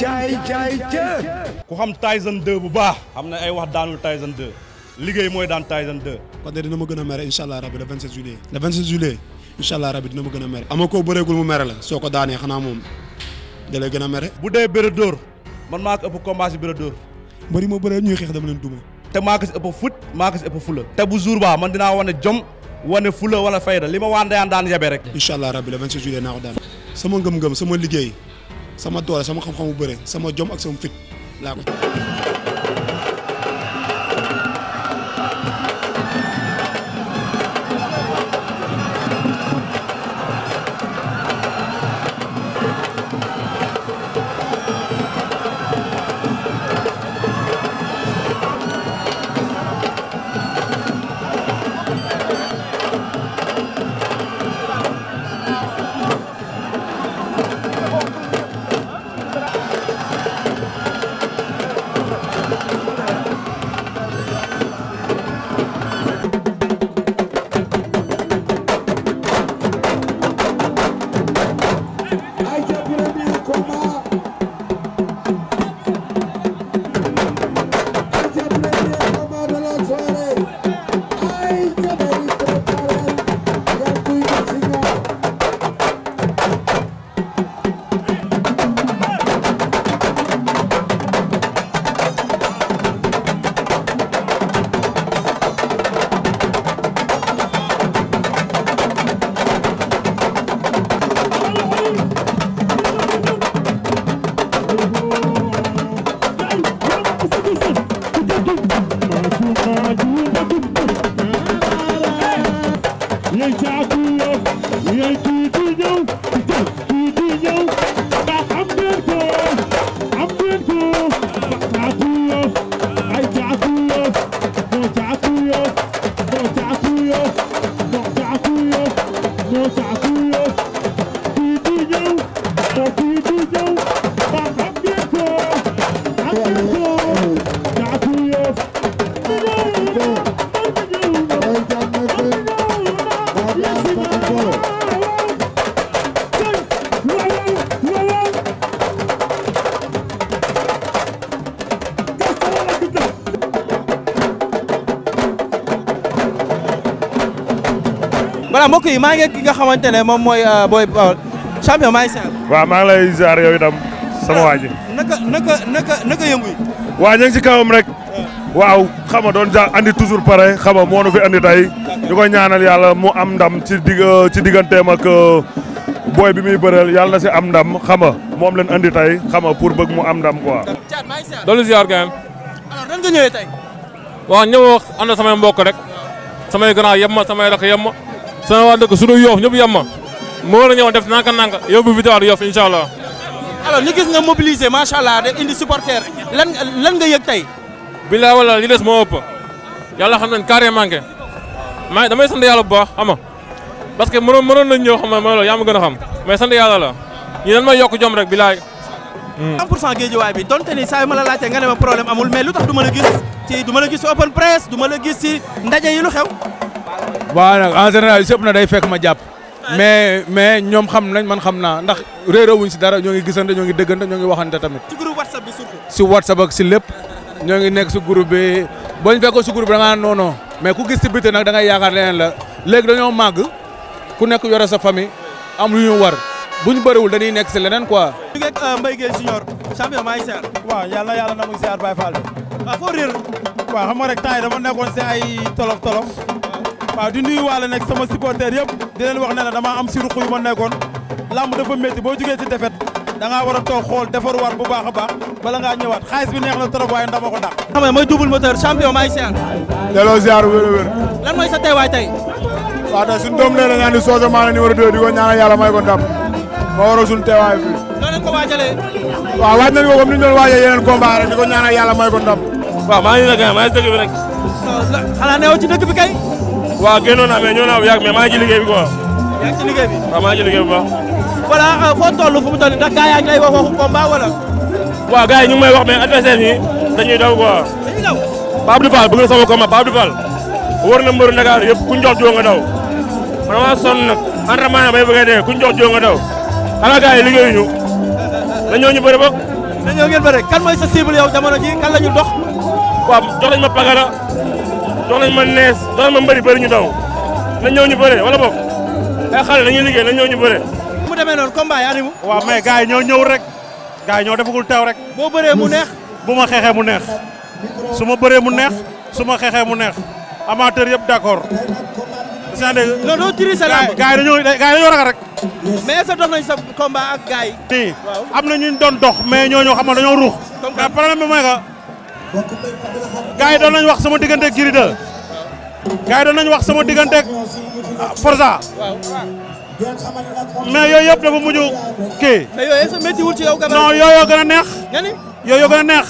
caay caay ca ku xam Tyson 2 bu baax xam na ay wax daanul Tyson 2 liggéey mooy daan Tyson 2 kon de dina ma gën a mere incha allah rabi le 27 juillet le 27 juillet incha allah rabi dina ma gën a mere ama koo bëreegul mu mere la soo ko daanee xanaa moom da lay gën a mere bu dee bëre dóor man maa ko ëpp combat si bëre dóor mbëri bëre ñuy xeex dama leen duma te maa ko si ëpp fut maa ko fula te bu jour baa man dinaa wane jom wane fula wala fayda li ma waan dayaan daan yabe rek incha allah rabi le 27 juillet naa ko daan sama ngëm-ngëm sama liggéey sama doole sama xam-xamu bëre sama jom ak sama fit laa ko Hey, ma mbokk yi maa ngi ki nga xamante ne moom mooy euh, booy Baol champion maa ngi si waaw maa ngi lay ziar yow sama euh, waa ji. naka naka naka naka waa ñu ngi si kawam rek. Euh. waaw xam nga doon ja andi toujours pare xam nga moo nu fi andi tey. ñu ko ñaanal yàlla mu am ndam ci dig ci digganteem ak booy bi muy bëreel yàlla na si am ndam xam nga moom leen andi tey xam nga pour bëgg mu am ndam quoi. doon ziar gaayam. alors nan nga ñëwee tey. waaw ñëw ànd samay mbokk rek. samay grand yem ma samay rakk yem ma sama waa dëkk su dul ñëpp yem ma moo war a ñëw def nanka nanka yóbbu victoire yoof incha allah. alors ñu gis nga mobiliser macha de indi supporter lan lan nga yëg tey. bilaa wala li des moo ëpp yàlla xam nañ carrément que maa damay sant yàlla bu baax xam nga parce que mënoon mënoon nañ ñëw xam nga mooy loolu ma gën a xam mais sant yàlla la ñu dañ may yokk jom rek bilaay. 100 hmm. pour cent géejuwaay bi donte ni saa yu ma la laajtee nga ne ma problème amul mais lu tax du ma la gis ci yi lu xew. waaw nag en général sëpp na day fekk ma jàpp mais mais ñoom xam nañ man xam naa ndax réerawuñ si dara ñoo ngi gisante ñoo ngi dëggante ñoo ngi waxante tamit ci groupe whatsapp bi surtout si whatsapp ak si lépp ñoo ngi nekk si groupe bi bañ fekkoon si groupe bi da ngaa non mais ku gis si biti nag da ngay yaakaar leneen la léegi dañoo mag ku nekk yore sa famille am lu ñu war bu ñu bëriwul dañuy nekk si leneen quoi. ñu ngi ak euh, Mbaye Gueye Junior champion maa ngi siyaar. waaw yàlla yàlla na muy ah, si ay tolof waaw di nuyu waale nag sama supporter yëpp di leen wax ne la damaa am si ruq yu ma nekkoon làmb dafa métti boo jugee si defet da ngaa war a toog xool defaruwaat bu baax a baax bala ngaa ñëwaat xaalis bi neex na trop waaye ndama ko dàq. xam nga mooy double moteur champion maay séen. delloo ziar lan mooy sa teewaay tey. waaw tey suñu doom nee na ñaan di Socé Mané numéro 2 di ko ñaanal yàlla may ko ndam moo waral suñu teewaay bi. noo leen ko waajalee. waaw waaj nañu ko comme ni ñu doon waajee yeneen combat rek di ko ñaanal yàlla may ko ndam. waaw bi rek. waaw génnoon naa mais ñëw naa bu yàgg mais maa ngi ci liggéey bi quoi. yaa ngi ci liggéey bi waaw euh, lay wax waxu combat wala. waaw gars yi ñu ngi may wax mais adversaire yi dañuy daw quoi. dañuy daw Pape Abdou Fall bëgg na sama na mbëru Dakar yëpp ku ñu jox jiw daw man maa na bay bëgg a dee ku ñu jox jiw daw xanaa gars yi liggéeyuñu dañoo ñu bëri bokk. dañoo ngeen bëri kan mooy sa cible yow jamono ji kan la ñu dox nañ ma nees dox nañ ma mbëri bëri ñu daw na ñëw ñu bëre wala boog ay xale dañuy liggéey na ñëw ñu bëre mu demee noonu combat yi animu waaw mais ñoo ñëw rek gars yi ñoo defagul teew rek boo bëree mu neex bu ma xeexee mu neex su ma bëree mu neex su ma xeexee mu neex amateur yëpp d'accord sëñ bi non non tiri sa laaj gars yi dañoo gars yi rek. mais sa dox nañ sa combat ak gars yi. am na ñu doon dox mais ñooñu xam nga dañoo ruux. comme problème bi mooy gars yi doon nañu wax sama diggante Gris 2 gars doon nañu wax sama diggante ah, Forza. mais yooy yëpp dafa mujj kii. mais yooyu yëpp méttiwul ci a neex. yooyu yoo gën neex.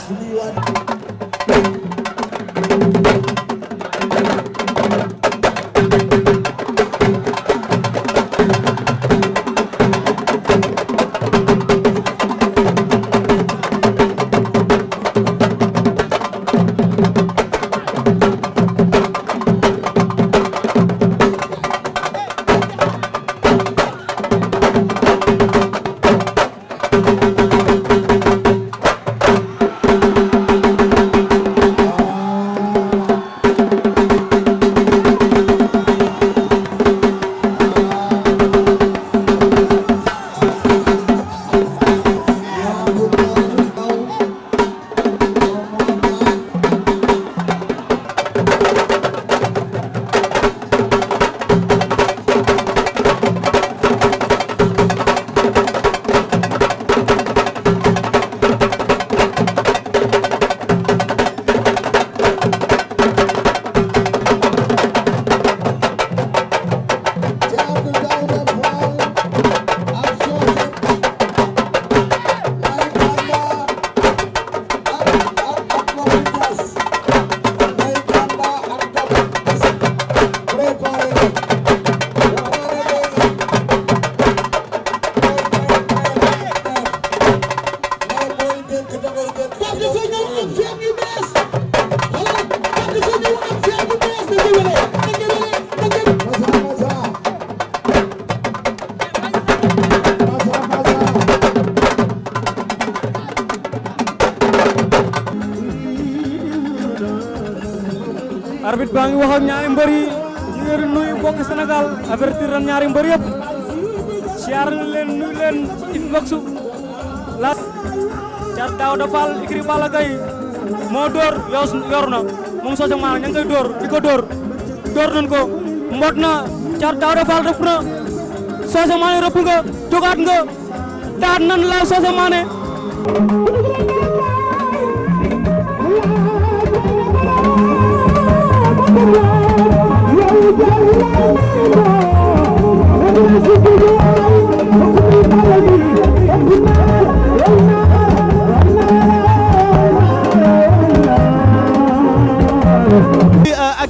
arbitre baa ngi wax ak ñaari mbër yi ñu ngi leen nuyu mbokki Sénégal avertir ran ñaari siyaar na leen nuyu leen las car daaw da fall ikri Balla Gaye moo door yoos na mu ngi soog maanaam door di door door nañ ko mbot na car daaw da fall rëpp na soog maanaam rëpp nga jogaat nga daan nan la soog maanaam ak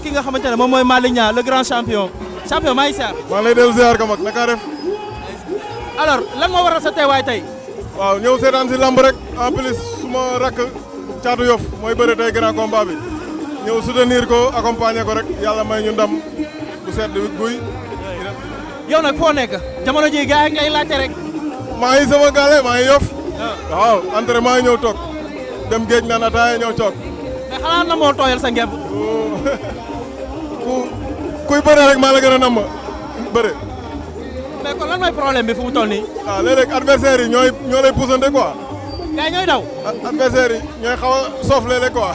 ki nga xamante ne moom mooy Malick Niang le grand champion champion maa ngi ziar. maa ngi lay dellu ziar ka moo waral sa teewaay tey. waaw ñëw seetaan si lamb rek en plus suma rakk caatu yof mooy bëre tey grand combat ñëw soutenir ko accompagner ko rek yàlla may ñu ndam bu sedd bi guy. yow nag foo nekk jamono ji gars yi ngay laajte rek. maa ngi sama gaale maa ngi yof. Ah. waaw entraînement yi ñëw toog dem géej naan ataaya ñëw toog. mais xanaa na moo tooyal sa ku kuy bëre rek maa la gën a bëre. mais kon lan mooy problème bi fu mu toll nii. ah léeg-léeg adversaires yi ñooy puusante quoi. gars ñooy daw. adversaires ñooy xaw soof léeg-léeg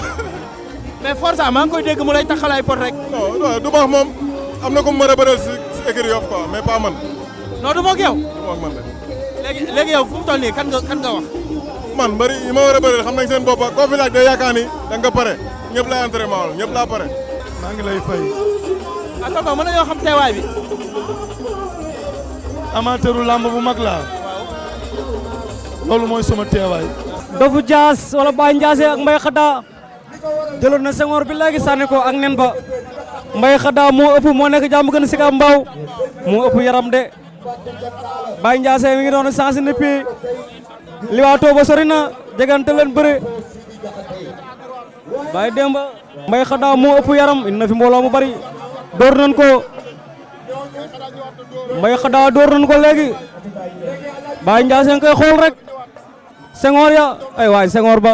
mais Forza maa ngi koy dégg mu lay taxal ay pot rek. non non du baax moom am na ko mu a bëral si si écurie Yoff quoi mais man. non du moog yow. du moog man rek. nii kan nga wax. man mbëri yi ma war a bëreel xam seen bopp koo fi laaj day yaakaar da nga pare ñëpp lay entraînement wala ñëpp laa pare. maa ngi lay a ah Koko mën nañoo xam teewaay bi. amateuru làmb bu mag laa. loolu mooy sama teewaay. Dofu Dias wala Baye Ndiassé ak Mbaye Khada. jëloon na sengoor bi léegi sànni ko ak nen ba mbay xadaa moo ëpp moo nekk jàmm gën mbaaw moo ëpp yaram de Baye Ndiasse mi ngi doon sens ne pii li waa Touba sori na jegante leen bëre Baye Demba mbay xadaa moo ëpp yaram indi na fi mbooloo mu bari door ko mbay xadaa door ko léegi Baye Ndiasse koy xool rek sengoor ya ay waay sengoor ba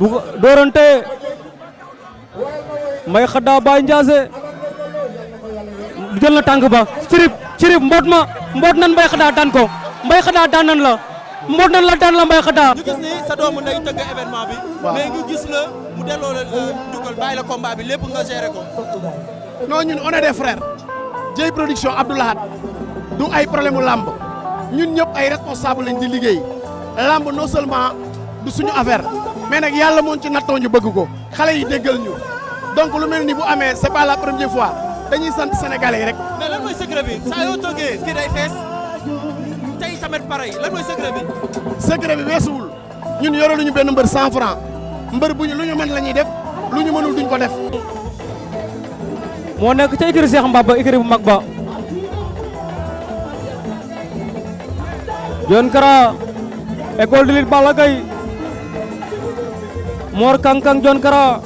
bu ko doorante Mbaye Khada Baye Ndiassé jël na tànk ba cirib cirib mboot ma mboot nan Mbaye Khada daan ko Mbaye Khada daan nan la mboot nan la daan la Mbaye Khada. ñu gis ni sa doomu nday tëgg événement bi. mais ñu gis la mu delloo la euh, njukkal bàyyi la combat bi lépp nga géré ko. non ñun on est des frères. Dieye production Abdoulahat du ay problème mu làmb ñun ñëpp ay responsable lañ di liggéey làmb non seulement. du suñu affaire mais nag yàlla moom ci nattoo ñu bëgg ko xale yi déggal ñu donc lu mel ni bu amee c'est pas la première fois dañuy sant sénégalais yi rek. mais la mooy secret bi saa yoo toggee fii day fees tey tamit pareil lan mooy secret bi. secret bi weesuwul ñun yore lu ñu benn mbër 100 francs mbër bu ñu lu ñu mën la ñuy def lu ñu mënul duñ ko def. moo nekk ca seex Cheikh Mbaba écurie bu mag ba. John Kara école de lutte Balla Gaye Mor Kang Kang John Kara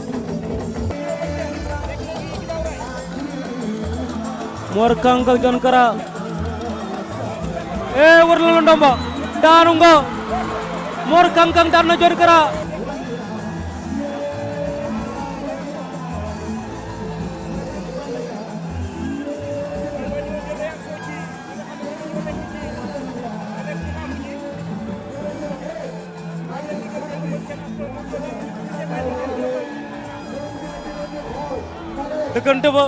Mor Kang Kang John Kara eh war na la ndomba daanu nga Mor Kang Kang daan na John Kara dëkkante ba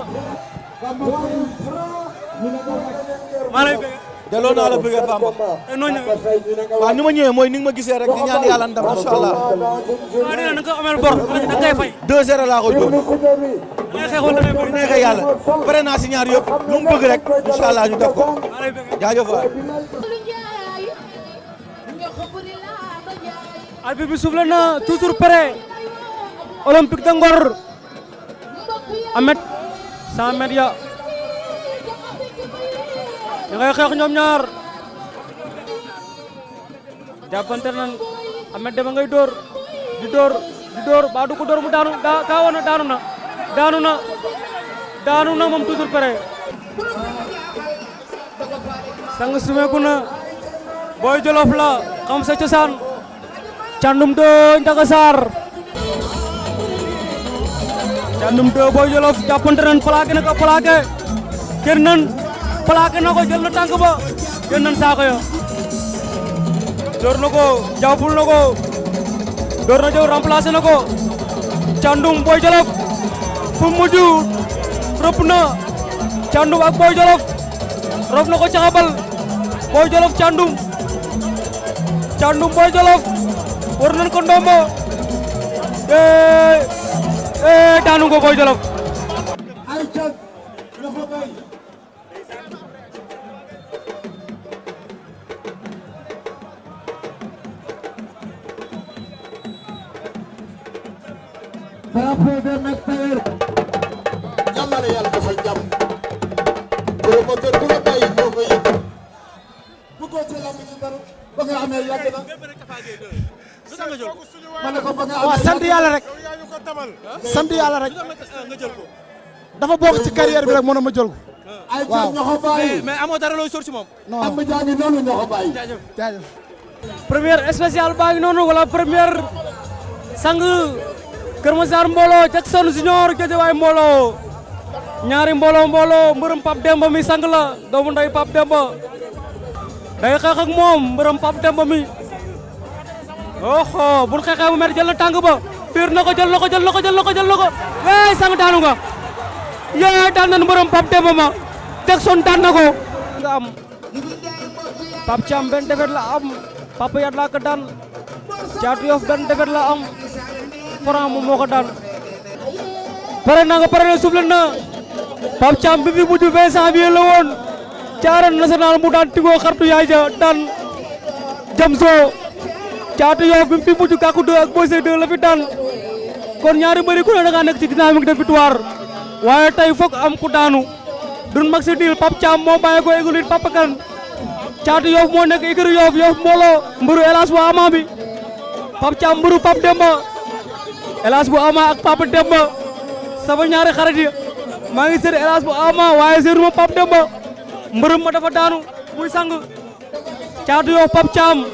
maa lay bëgg naa la bëgg Bamba eh, waaw ni ma ñëwee mooy ni nga ma gisee rek di ñaan yàlla ndam incha allah waaw dina nga ko amel si ñaar yëpp lu mu bëgg rek ko jaajëf waay arbitre suuf la na toujours prêt olympique de Ngor amet 100 mètres ya ñu ngay xeex ñoom ñaar jàppante nan amet dama ngay dóor di dóor di dóor ba du ko dóor mu daanu daa kaa na daanu na daanu na daanu na moom toujours pare sang sumeeku na booy jolof la xam sa cosaan candum dooñ daga saar Thiandoum 2 Boy Djolof jàppante nañ plaqué na ko plaqué génn nañ plaqué na ko jël ba génn nañ ya door na ko jàppul na ko door na jëw remplacé ko Thiandoum Boy Djolof fu mujj rëpp na Thiandoum ak Boy Djolof rëpp na ko caxabal Boy Djolof Thiandoum Thiandoum Boy Djolof ko daanu nga Boy Jolof ay cag loxo bay drapeau de Maître Tailleur yàlla na yàlla defal jàmm promoteur bu la bàyyi ñoo ko yëg bu ko ci lamb ci dara ba nga amee yàgg na ma ne ko ba nga amee waaw sant yàlla rek sant yàlla dafa bokk ci carrière bi rek mënoon ma jël ko. waaw dara looy sóor ci moom. non am na jaa ngi noonu ñoo ko bàyyi. jaajëf jaajëf. première baa ngi noonu wala première sang Kër Masar mbooloo Jackson Junior Guédiawaye mbooloo ñaari mbooloo mbooloo mbërëm Pape Demba sang la doomu nday Pape Demba day xeex ak moom mbërëm Pape Demba mi oh buñ xeexee mu mer na tàng ba. fiir na ko jël na ko jël na ko jël na ko jël na sang daanu nga yee daan nañu borom Pape Demba ma Jackson daan na ko. nga am benn defet la am Papa Yade laa ko daan Thiatou benn defet la am Franc moom ko daan. pare na nga pare na suuf na Pape Thiam bi fi mujj vingt janvier la woon ci arène mu daan tigoo xartu yaay ja daan Jamso. caatu yoof bi mu fi mujj kàkku deux ak Boy Seye deux la fi daan kon ñaari mbëri ku ne da nekk ci dynamique de victoire waaye tey foog am ku daanu dun maxi dil Pape Thiam moo bàyyi ko écurie Papa Kane caatu yoof moo nekk écurie yoof yoof mbooloo mbëru hélas bu ama bi Pape Thiam mbëru Pape Demba hélas bu ama ak Pape Demba sama ñaari xarit yi maa ngi seet hélas bu ama waaye seetuma Pape Demba mbërum ma dafa daanu muy sang caatu yoof Pape Thiam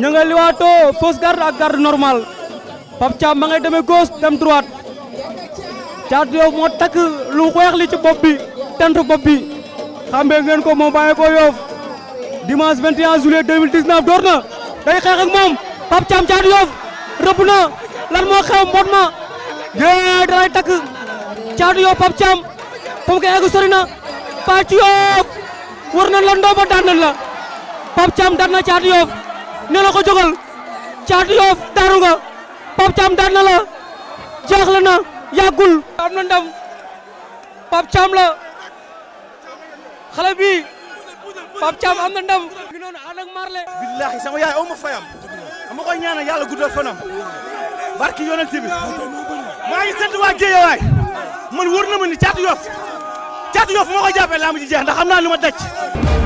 ñu nga liwaatoo fausse garde ak garde normal Pape Thiam ma ngay demee gauche dem droite Thiatou Yoff moo takk lu weex li ci bopp bi tentu bopp bi xambe ngeen ko moom bàyyi ko Yoff dimanche 21 juillet 2019 door na day xeex ak moom Pape Thiam Thiatou Yoff rëbb na lan moo xew mbot ma yee dalay takk Thiatou Yoff Pape Thiam fu sori na Pape Thiam war na la ndooba daan na la Pape Thiam na Thiatou nee na ko jógal caatu yoof daanu nga Pape Thiam daan la jaaxle na yàggul am na ndam Pape Thiam la xale bi Pape Thiam am na ndam ngi sama yaay aw ma fayam ama koy ñaanal yàlla guddal fanam barki yonent bi maa ngi sant waa Géejawaay man wóor na ma ni caatu yoof caatu yoof moo ko jàppee laa mu ji naa lu ma daj